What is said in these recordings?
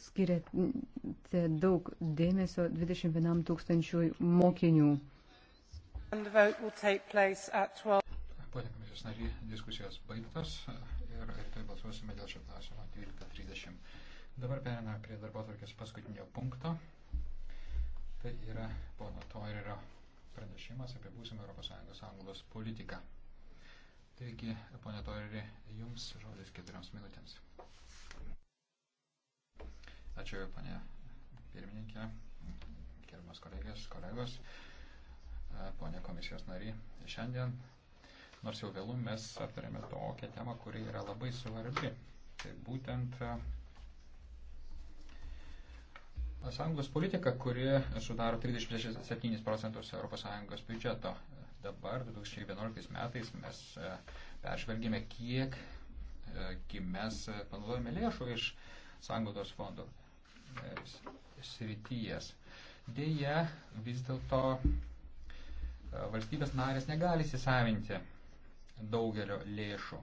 skiriate daug dėmesio 21 tūkstančių mokinių. Pone komisijos nariai, diskusijos baigtos ir rytoj balsuosime dėl šio klausimo 12.30. Dabar periname prie darbo atvarkės paskutinio punkto. Tai yra pono Toirerio pranešimas apie būsimą ES anglos politiką. Taigi, pone Toireri, jums žodis keturioms minutėms. Ačiū, panė pirmininkė, gerbiamas kolegės, kolegos, e, ponė komisijos nariai. Šiandien, nors jau vėlų, mes aptarėme tokią temą, kuri yra labai svarbi. Tai būtent e, sąjungos politika, kuri sudaro 37 procentus ES biudžeto. Dabar, 2011 metais, mes e, peržvelgėme, kiek mes panaudojame lėšų iš sąjungos fondų. E, srities. Deja, vis dėlto e, valstybės narės negali įsisavinti daugelio lėšų.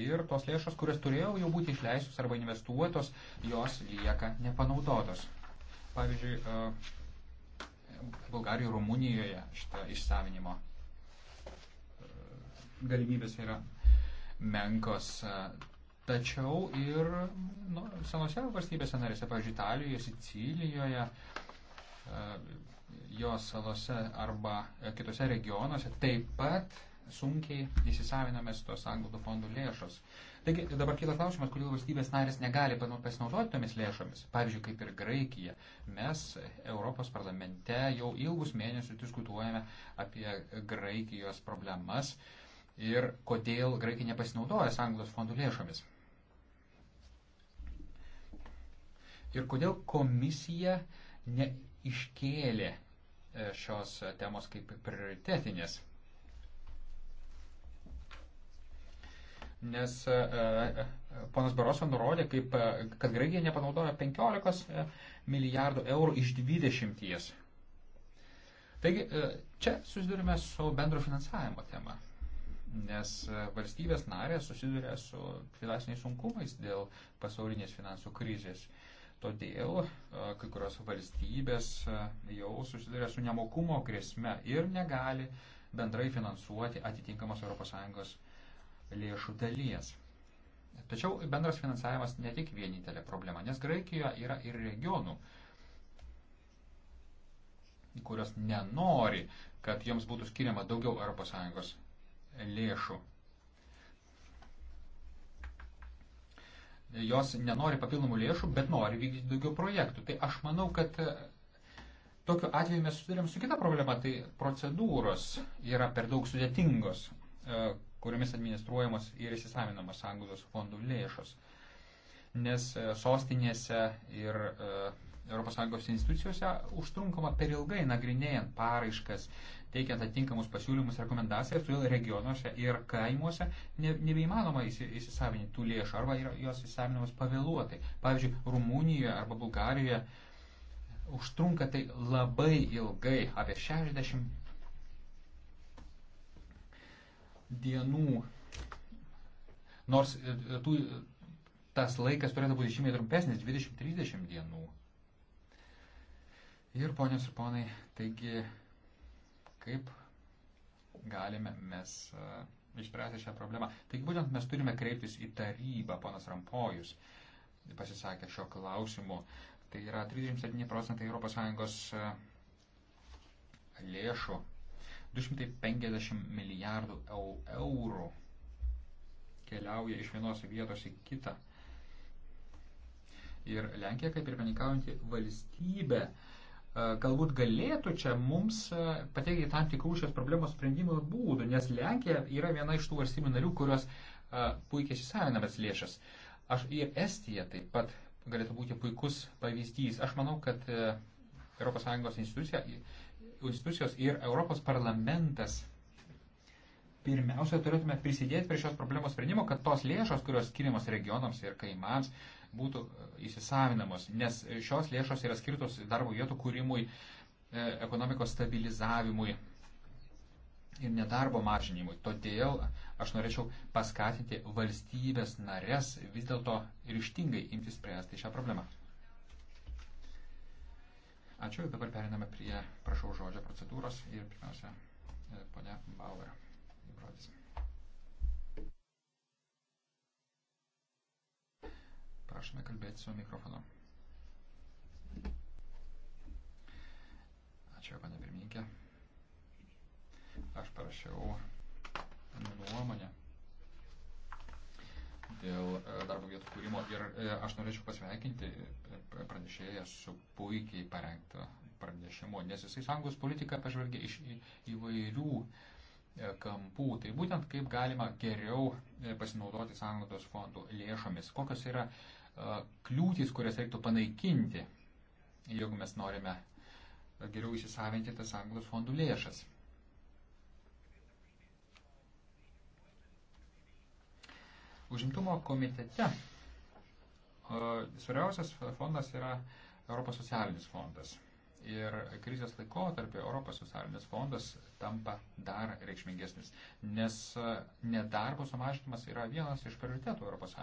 Ir tos lėšos, kurias turėjo jau būti išleistos arba investuotos, jos lieka nepanaudotos. Pavyzdžiui, e, Bulgarijoje, Rumunijoje šitą išsavinimo galimybės yra menkos, tačiau ir nu, senose valstybėse narėse, pavyzdžiui, Italijoje, Sicilijoje, e, jos salose arba kitose regionuose taip pat sunkiai įsisavinamės tos anglų fondų lėšos. Taigi dabar kyla klausimas, kodėl valstybės narės negali pasinaudoti tomis lėšomis. Pavyzdžiui, kaip ir Graikija. Mes Europos parlamente jau ilgus mėnesius diskutuojame apie Graikijos problemas ir kodėl Graikija nepasinaudoja anglos fondų lėšomis. Ir kodėl komisija neiškėlė e, šios temos kaip prioritetinės? Nes e, e, ponas Baroso nurodė, kaip, kad Graikija nepanaudojo 15 milijardų eurų iš 20. Taigi čia susidurime su bendro finansavimo tema nes valstybės narės susiduria su finansiniais sunkumais dėl pasaulinės finansų krizės. Todėl kai kurios valstybės jau susiduria su nemokumo grėsme ir negali bendrai finansuoti atitinkamos ES lėšų dalies. Tačiau bendras finansavimas ne tik vienintelė problema, nes Graikijoje yra ir regionų, kurios nenori, kad joms būtų skiriama daugiau ES lėšų jos nenori papildomų lėšų, bet nori vykdyti daugiau projektų. Tai aš manau, kad e, tokiu atveju mes susidurėm su kita problema, tai procedūros yra per daug sudėtingos, e, kuriomis administruojamos ir įsisavinamos sąjungos fondų lėšos. Nes e, sostinėse ir ES institucijose užtrunkama per ilgai nagrinėjant paraiškas, teikiant atitinkamus pasiūlymus, rekomendacijas, todėl regionuose ir kaimuose ne, nebeįmanoma įsisavinti tų lėšų arba jos įsisavinimas pavėluotai. Pavyzdžiui, Rumunijoje arba Bulgarijoje užtrunka tai labai ilgai, apie 60 dienų. Nors e, e, tų, tas laikas turėtų būti žymiai trumpesnis - 20-30 dienų. Ir ponios ir ponai, taigi kaip galime mes uh, išspręsti šią problemą. Taigi būtent mes turime kreiptis į tarybą, ponas Rampojus pasisakė šio klausimu. Tai yra 37 procentai ES e, lėšų, 250 milijardų eurų keliauja iš vienos vietos į kitą. Ir Lenkija, kaip ir penikaujanti valstybė, uh, galbūt galėtų čia mums pateikti tam tikrų šios problemos sprendimo būdų, nes Lenkija yra viena iš tų valstybių narių, kurios puikiai įsisavinamas lėšas. Aš ir Estija taip pat galėtų būti puikus pavyzdys. Aš manau, kad ES institucija, institucijos ir Europos parlamentas pirmiausia turėtume prisidėti prie šios problemos sprendimo, kad tos lėšos, kurios skiriamos regionams ir kaimams, būtų e, įsisavinamos, nes šios lėšos yra skirtos darbo vietų kūrimui, e, ekonomikos stabilizavimui ir nedarbo mažinimui. Todėl aš norėčiau paskatinti valstybės narės vis dėlto ryštingai imtis spręsti šią problemą. Ačiū, dabar periname prie, prašau, žodžio procedūros ir pirmiausia, e, ponia Bauer. Žodis. Prašome kalbėti su mikrofonu. Ačiū, panė pirmininkė. Aš parašiau nuomonę dėl e, darbo vietų kūrimo ir e, aš norėčiau pasveikinti e, pranešėją su puikiai parengta pranešimu, nes jisai sąjungos politiką pažvelgia iš įvairių uh, E, kampų. Tai būtent kaip galima geriau e, pasinaudoti sąnaudos fondų lėšomis. Kokios yra e, kliūtis, kurias reiktų panaikinti, jeigu mes norime geriau įsisavinti tas sąnaudos fondų lėšas. Užimtumo komitete svarbiausias fondas yra Europos socialinis fondas. Ir krizės laikotarpį Europos socialinis fondas tampa dar reikšmingesnis, nes e, nedarbo sumažinimas yra vienas iš prioritetų ES.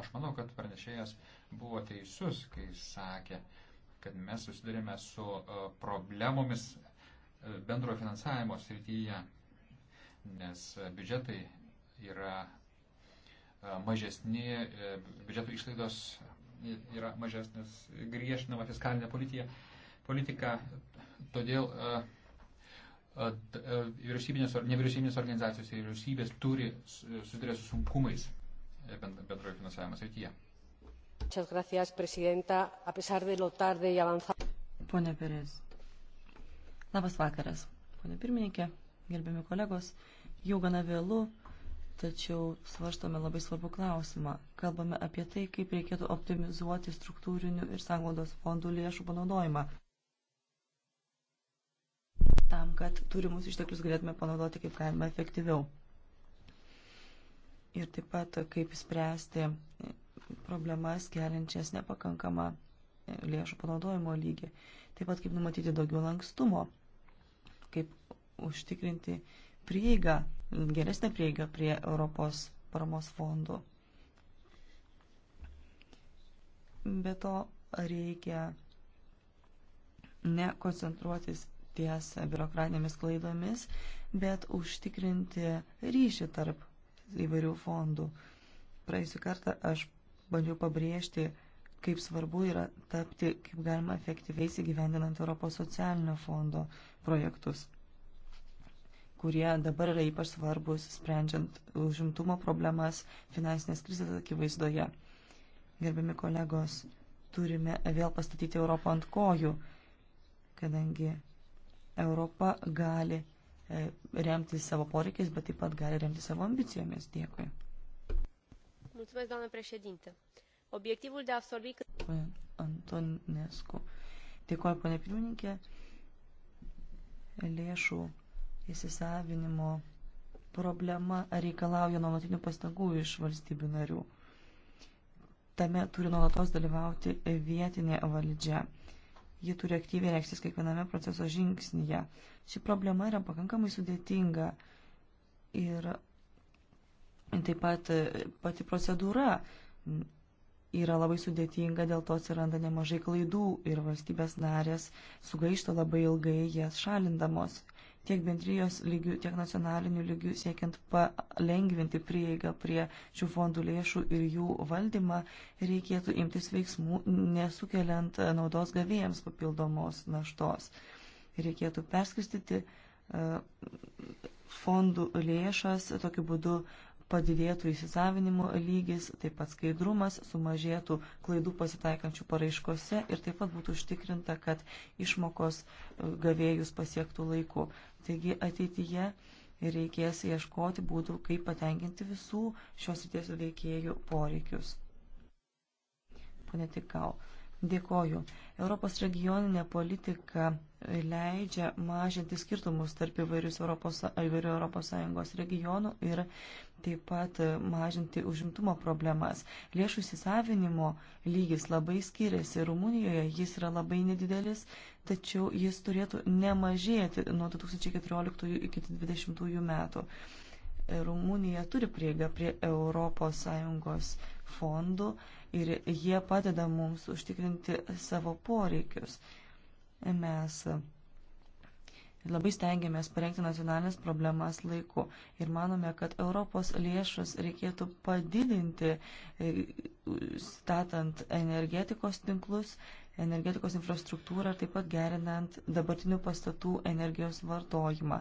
Aš manau, kad pranešėjas buvo teisus, kai sakė, kad mes susidurėme su e, problemomis e, bendro finansavimo srityje, nes biudžetai yra mažesni, biudžeto išlaidos yra mažesnis, griežtinama fiskalinė politika politiką, todėl e, e, e, vyriausybinės ar nevyriausybinės organizacijos ir vyriausybės turi susidurę su sunkumais bendrojo finansavimo srityje. Muchas gracias, presidenta. A pesar de lo tarde y avanzado. Pone Perez. Labas vakaras, pone pirmininkė, gerbiami kolegos. Jau gana vėlu, tačiau svarstome labai svarbų klausimą. Kalbame apie tai, kaip reikėtų optimizuoti struktūrinių ir sanglaudos fondų lėšų panaudojimą tam, kad turimus išteklius galėtume panaudoti kaip galima efektyviau. Ir taip pat, kaip spręsti problemas keliančias nepakankamą lėšų panaudojimo lygį. Taip pat, kaip numatyti daugiau lankstumo, kaip užtikrinti prieigą, geresnę prieigą prie Europos paramos fondų. Be to reikia nekoncentruotis ties biurokratinėmis klaidomis, bet užtikrinti ryšį tarp įvairių fondų. Praėjusiu kartą aš bandžiau pabrėžti, kaip svarbu yra tapti, kaip galima efektyviai įgyvendinant Europos socialinio fondo projektus, kurie dabar yra ypač svarbus, sprendžiant užimtumo problemas finansinės krizės akivaizdoje. Gerbiami kolegos, turime vėl pastatyti Europą ant kojų, kadangi Europa gali e, remti savo poreikiais, bet taip pat gali remti savo ambicijomis. Dėkui. Mulțumesc, doamnă președinte. Obiectivul de a absorbi... Antonescu. Dėkuoju, ponė pirmininkė. Lėšų įsisavinimo problema reikalauja nuolatinių pastangų iš valstybių narių. Tame turi nuolatos dalyvauti vietinė valdžia Ji turi aktyviai reikštis kiekviename proceso žingsnyje. Ši problema yra pakankamai sudėtinga ir taip pat pati procedūra yra labai sudėtinga, dėl to atsiranda nemažai klaidų ir valstybės narės sugaišta labai ilgai jas šalindamos tiek bendrijos lygių, tiek nacionalinių lygių siekiant palengvinti prieigą prie šių fondų lėšų ir jų valdymą, reikėtų imtis veiksmų, nesukeliant naudos gavėjams papildomos naštos. Reikėtų perskristyti e, fondų lėšas, tokiu būdu padidėtų įsisavinimo lygis, taip pat skaidrumas, sumažėtų klaidų pasitaikančių paraiškose ir taip pat būtų užtikrinta, kad išmokos e, gavėjus pasiektų laiku. Taigi ateityje reikės ieškoti būdų, kaip patenkinti visų šios ryties veikėjų poreikius. Pone Tikau. Dėkoju. Europos regioninė politika leidžia mažinti skirtumus tarp įvairių Europos, įvairių Europos Sąjungos regionų ir taip pat mažinti užimtumo problemas. Lėšų įsisavinimo lygis labai skiriasi. Rumunijoje jis yra labai nedidelis, tačiau jis turėtų nemažėti nuo 2014 iki 2020 metų. Rumunija turi prieigą prie Europos Sąjungos fondų ir jie padeda mums užtikrinti savo poreikius. Mes labai stengiamės parengti nacionalinės problemas laiku ir manome, kad Europos lėšas reikėtų padidinti, e, statant energetikos tinklus, energetikos infrastruktūrą, taip pat gerinant dabartinių pastatų energijos vartojimą.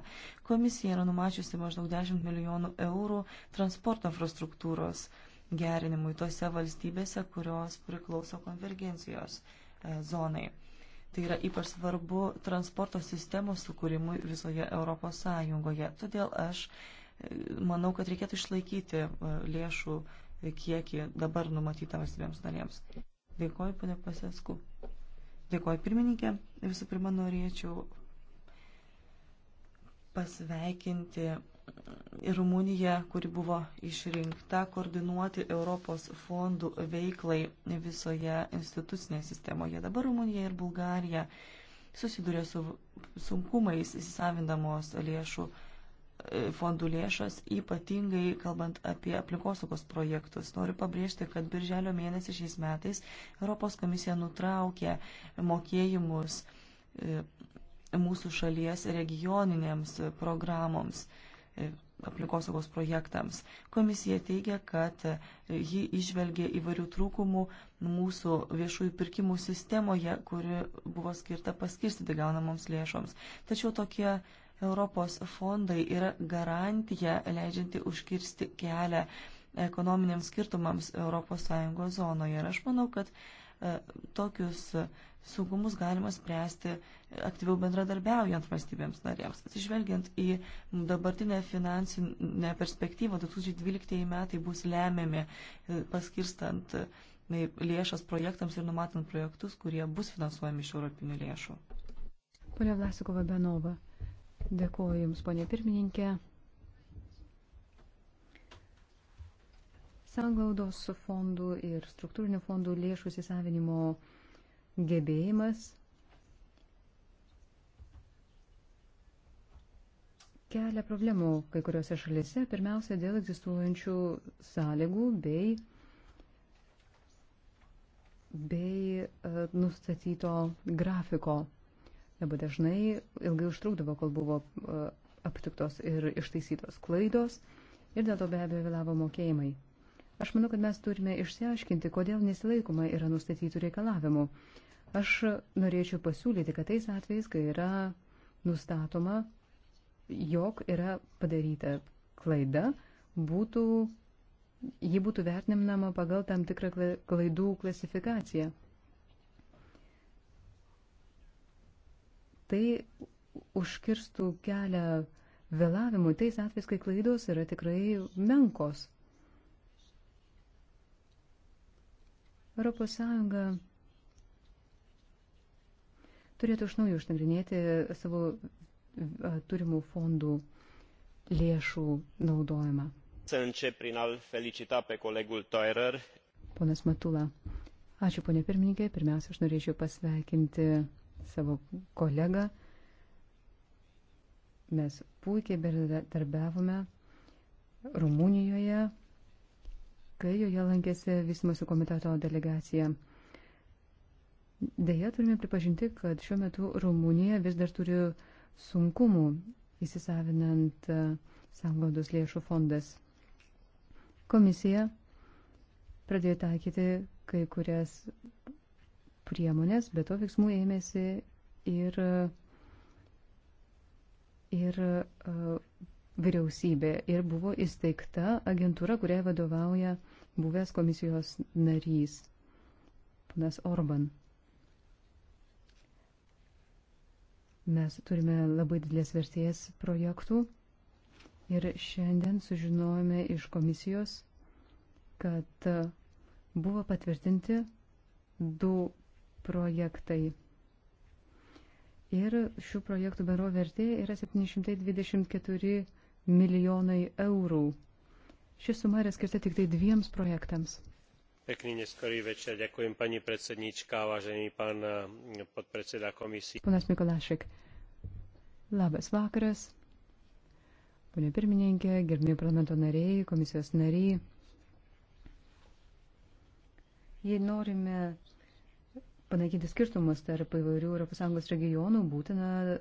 Komisija yra numačiusi maždaug 10 milijonų eurų transporto infrastruktūros gerinimui tose valstybėse, kurios priklauso konvergencijos e, zonai. Tai yra ypač svarbu transporto sistemos sukūrimui visoje Europos Sąjungoje. Todėl aš e, manau, kad reikėtų išlaikyti e, lėšų kiekį dabar numatytą valstybėms narėms. Dėkoju, ponė Pasesku. Dėkoju, pirmininkė. Visų pirma, norėčiau pasveikinti Rumunija, kuri buvo išrinkta koordinuoti Europos fondų veiklai visoje institucinėje sistemoje. Dabar Rumunija ir Bulgarija susiduria su sunkumais įsisavindamos lėšų, e, fondų lėšas, ypatingai kalbant apie aplinkosaugos projektus. Noriu pabrėžti, kad birželio mėnesį šiais metais Europos komisija nutraukė mokėjimus e, mūsų šalies regioninėms programoms aplinkosaugos projektams. Komisija teigia, kad ji išvelgia įvairių trūkumų mūsų viešųjų pirkimų sistemoje, kuri buvo skirta paskirstyti gaunamoms lėšoms. Tačiau tokie Europos fondai yra garantija leidžianti užkirsti kelią ekonominiams skirtumams ES zonoje. Ir aš manau, kad e, tokius saugumus galima spręsti aktyviau bendradarbiaujant valstybėms narėms. Atsižvelgiant į dabartinę finansinę perspektyvą, 2012 metai bus lemiami e, paskirstant e, lėšas projektams ir numatant projektus, kurie bus finansuojami iš europinių lėšų. Pone Vlasikova Benova, dėkuoju Jums, ponė pirmininkė. Sanglaudos fondų ir struktūrinių fondų lėšų įsisavinimo gebėjimas kelia problemų kai kuriuose šalise, pirmiausia, dėl egzistuojančių sąlygų bei, bei uh, nustatyto grafiko. Labai dažnai ilgai užtrukdavo, kol buvo uh, aptiktos ir ištaisytos klaidos ir dėl to be abejo vėlavo mokėjimai. Aš manau, kad mes turime išsiaiškinti, kodėl nesilaikoma yra nustatytų reikalavimų. Uh, Aš norėčiau pasiūlyti, kad tais atvejais, kai yra nustatoma, jog yra padaryta klaida, būtų, ji būtų vertinama pagal tam tikrą klaidų klasifikaciją. Tai užkirstų kelią vėlavimui tais atvejais, kai klaidos yra tikrai menkos. Europos Sąjunga turėtų iš naujo išnagrinėti savo turimų fondų lėšų naudojimą. Ponas Matula, ačiū ponė pirmininkė, pirmiausia, aš norėčiau pasveikinti savo kolegą. Mes puikiai bendradarbiavome Rumunijoje, kai joje lankėsi Vystimosi komiteto delegacija. Deja, turime pripažinti, kad šiuo metu Rumunija vis dar turi sunkumų įsisavinant e, sanglaudos lėšų fondas. Komisija pradėjo taikyti kai kurias priemonės, bet to veiksmų ėmėsi ir, ir uh, vyriausybė ir buvo įsteigta agentūra, kuriai vadovauja buvęs komisijos narys, panas Orban. Mes turime labai didelės vertės projektų ir šiandien sužinojome iš komisijos, kad buvo patvirtinti du projektai. Ir šių projektų bendro vertė yra 724 milijonai eurų. Ši suma yra skirta tik tai dviems projektams. Pekný neskorý večer. Ďakujem pani predsednička, vážený pán eh, podpredseda komisijos. Ponas Mikolašik. Labas vakaras. Pone pirmininkė, gerbėjai parlamento nariai, komisijos nariai. Jei norime panaikinti skirtumus tarp įvairių ES regionų, būtina uh,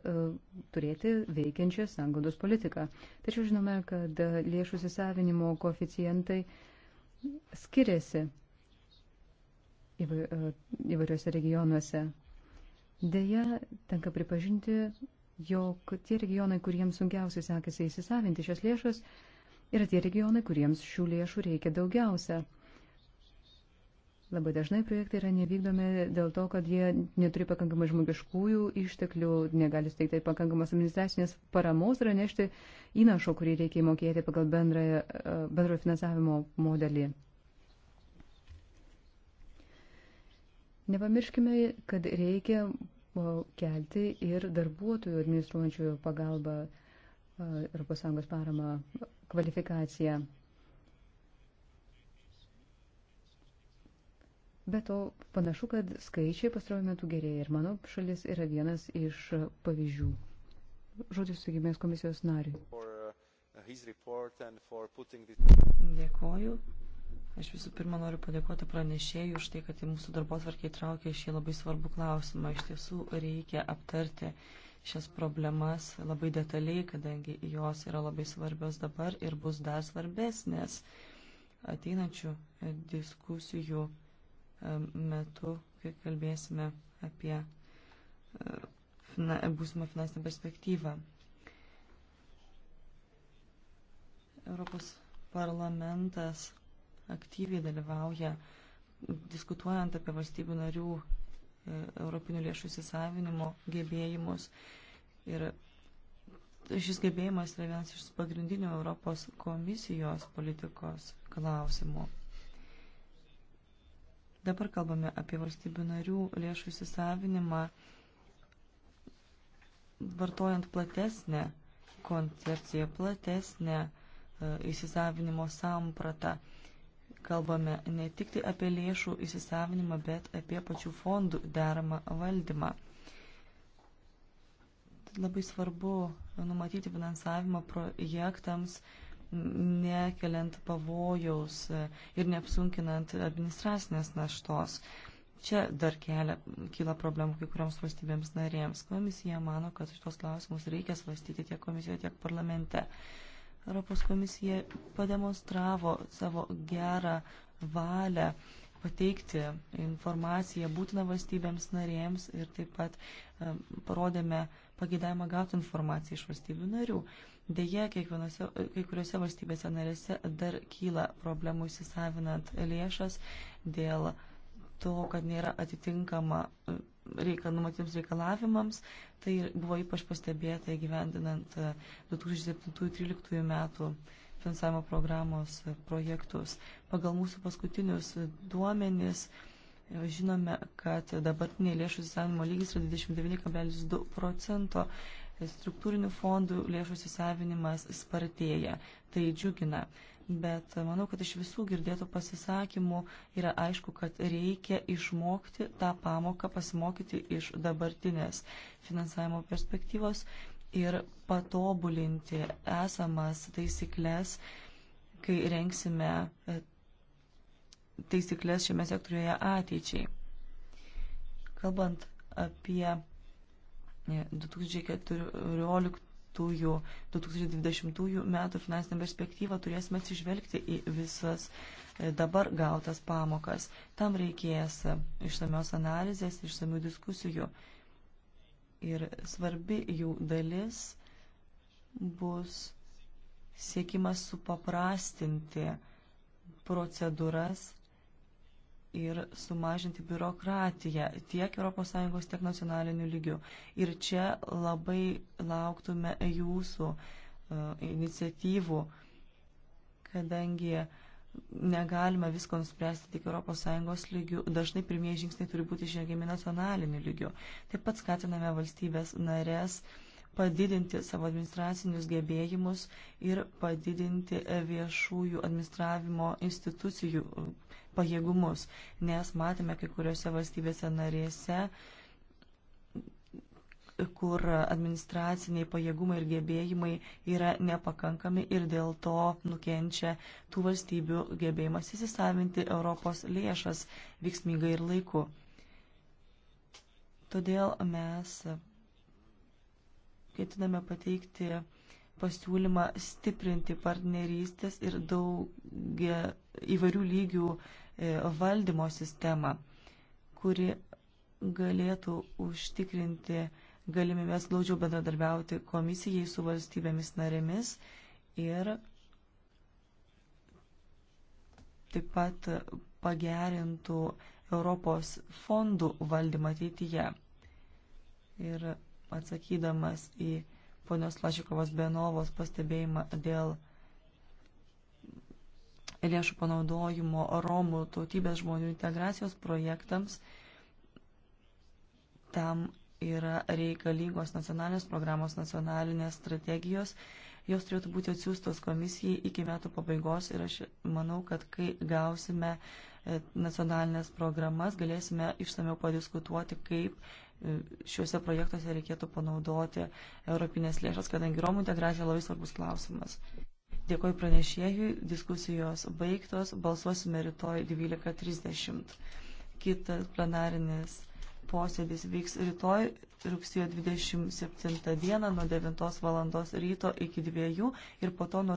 turėti veikiančią sangodos politiką. Tačiau žinome, kad lėšų įsisavinimo koeficientai skiriasi E, įvairiuose regionuose. Deja, tenka pripažinti, jog tie regionai, kuriems sunkiausiai sekasi įsisavinti šias lėšas, yra tie regionai, kuriems šių lėšų reikia daugiausia. Labai dažnai projektai yra nevykdomi dėl to, kad jie neturi pakankamai žmogiškųjų išteklių, negali steigti pakankamas administracinės paramos ir nešti įnašo, kurį reikia įmokėti pagal e, bendrojo bendro finansavimo modelį. Nepamirškime, kad reikia kelti ir darbuotojų administruojančiųjų pagalbą ES paramą kvalifikaciją. Be to, panašu, kad skaičiai pastarojų metų gerėja ir mano šalis yra vienas iš pavyzdžių. Žodžius sugimės komisijos nariui. Uh, Dėkoju Aš visų pirma noriu padėkoti pranešėjų už tai, kad į mūsų darbos varkiai traukė šį labai svarbų klausimą. Iš tiesų reikia aptarti šias problemas labai detaliai, kadangi jos yra labai svarbios dabar ir bus dar svarbesnės ateinančių diskusijų metu, kai kalbėsime apie e, fina, būsimą finansinę perspektyvą. Europos parlamentas aktyviai dalyvauja diskutuojant apie valstybių narių e, europinių lėšų įsisavinimo gebėjimus. Ir šis gebėjimas yra vienas iš pagrindinių Europos komisijos politikos klausimų. Dabar kalbame apie valstybių narių lėšų įsisavinimą, vartojant platesnę koncepciją, platesnę e, įsisavinimo sampratą kalbame ne tik tai apie lėšų įsisavinimą, bet apie pačių fondų deramą valdymą. Tad labai svarbu numatyti finansavimą projektams, nekeliant pavojaus ir neapsunkinant administracinės naštos. Čia dar kelia, kyla problemų kai kurioms valstybėms narėms. Komisija mano, kad šitos klausimus reikia svarstyti tiek komisijoje, tiek parlamente. Uh, Europos komisija pademonstravo savo gerą valią pateikti informaciją būtiną valstybėms narėms ir taip pat parodėme pagėdavimą gauti informaciją iš valstybių narių. Deja, kai kuriuose valstybėse narėse dar kyla problemų įsisavinant lėšas dėl to, kad nėra atitinkama reikal, numatytiems reikalavimams. Tai buvo ypač pastebėta įgyvendinant 2007-2013 e, metų finansavimo programos e, projektus. Pagal mūsų paskutinius e, duomenis žinome, kad dabartiniai lėšų įsisavinimo lygis yra 29,2 procento struktūrinių fondų lėšų įsisavinimas spartėja. Tai džiugina bet manau, kad iš visų girdėtų pasisakymų yra aišku, kad reikia išmokti tą pamoką, pasimokyti iš dabartinės finansavimo perspektyvos ir patobulinti esamas taisyklės, kai renksime e, taisyklės šiame sektoriuje ateičiai. Kalbant apie 2014 e, 2020 metų finansinę perspektyvą turėsime atsižvelgti į visas e, dabar gautas pamokas. Tam reikės e, išsamios analizės, išsamių diskusijų. Ir svarbi jų dalis bus siekimas supaprastinti procedūras ir sumažinti biurokratiją tiek ES, tiek nacionaliniu lygiu. Ir čia labai lauktume jūsų e, iniciatyvų, kadangi negalime visko nuspręsti tik ES lygių, dažnai pirmieji žingsniai turi būti žengiami nacionaliniu lygiu. Taip pat skatiname valstybės narės padidinti savo administracinius gebėjimus ir padidinti viešųjų administravimo institucijų pajėgumus, nes matėme kai kuriuose valstybėse narėse, kur administraciniai pajėgumai ir gebėjimai yra nepakankami ir dėl to nukenčia tų valstybių gebėjimas įsisavinti Europos lėšas veiksmingai ir laiku. Todėl mes ketiname pateikti pasiūlymą stiprinti partnerystės ir daug įvairių lygių E, valdymo sistemą, kuri galėtų užtikrinti galimybės glaudžiau bendradarbiauti komisijai su valstybėmis narėmis ir taip pat pagerintų Europos fondų valdymą ateityje. Ir atsakydamas į ponios Lašikovos Benovos pastebėjimą dėl lėšų panaudojimo Romų tautybės žmonių integracijos projektams. Tam yra reikalingos nacionalinės programos, nacionalinės strategijos. Jos turėtų būti atsiųstos komisijai iki metų pabaigos ir aš manau, kad kai gausime e, nacionalinės programas, galėsime išsameu padiskutuoti, kaip e, šiuose projektuose reikėtų panaudoti europinės lėšas, kadangi Romų integracija labai svarbus klausimas. Dėkoju pranešėjui, diskusijos baigtos, balsuosime rytoj 12.30. Kitas plenarinis posėdis vyks rytoj rugsėjo 27 dieną nuo 9 val. ryto iki 2 ir po to nuo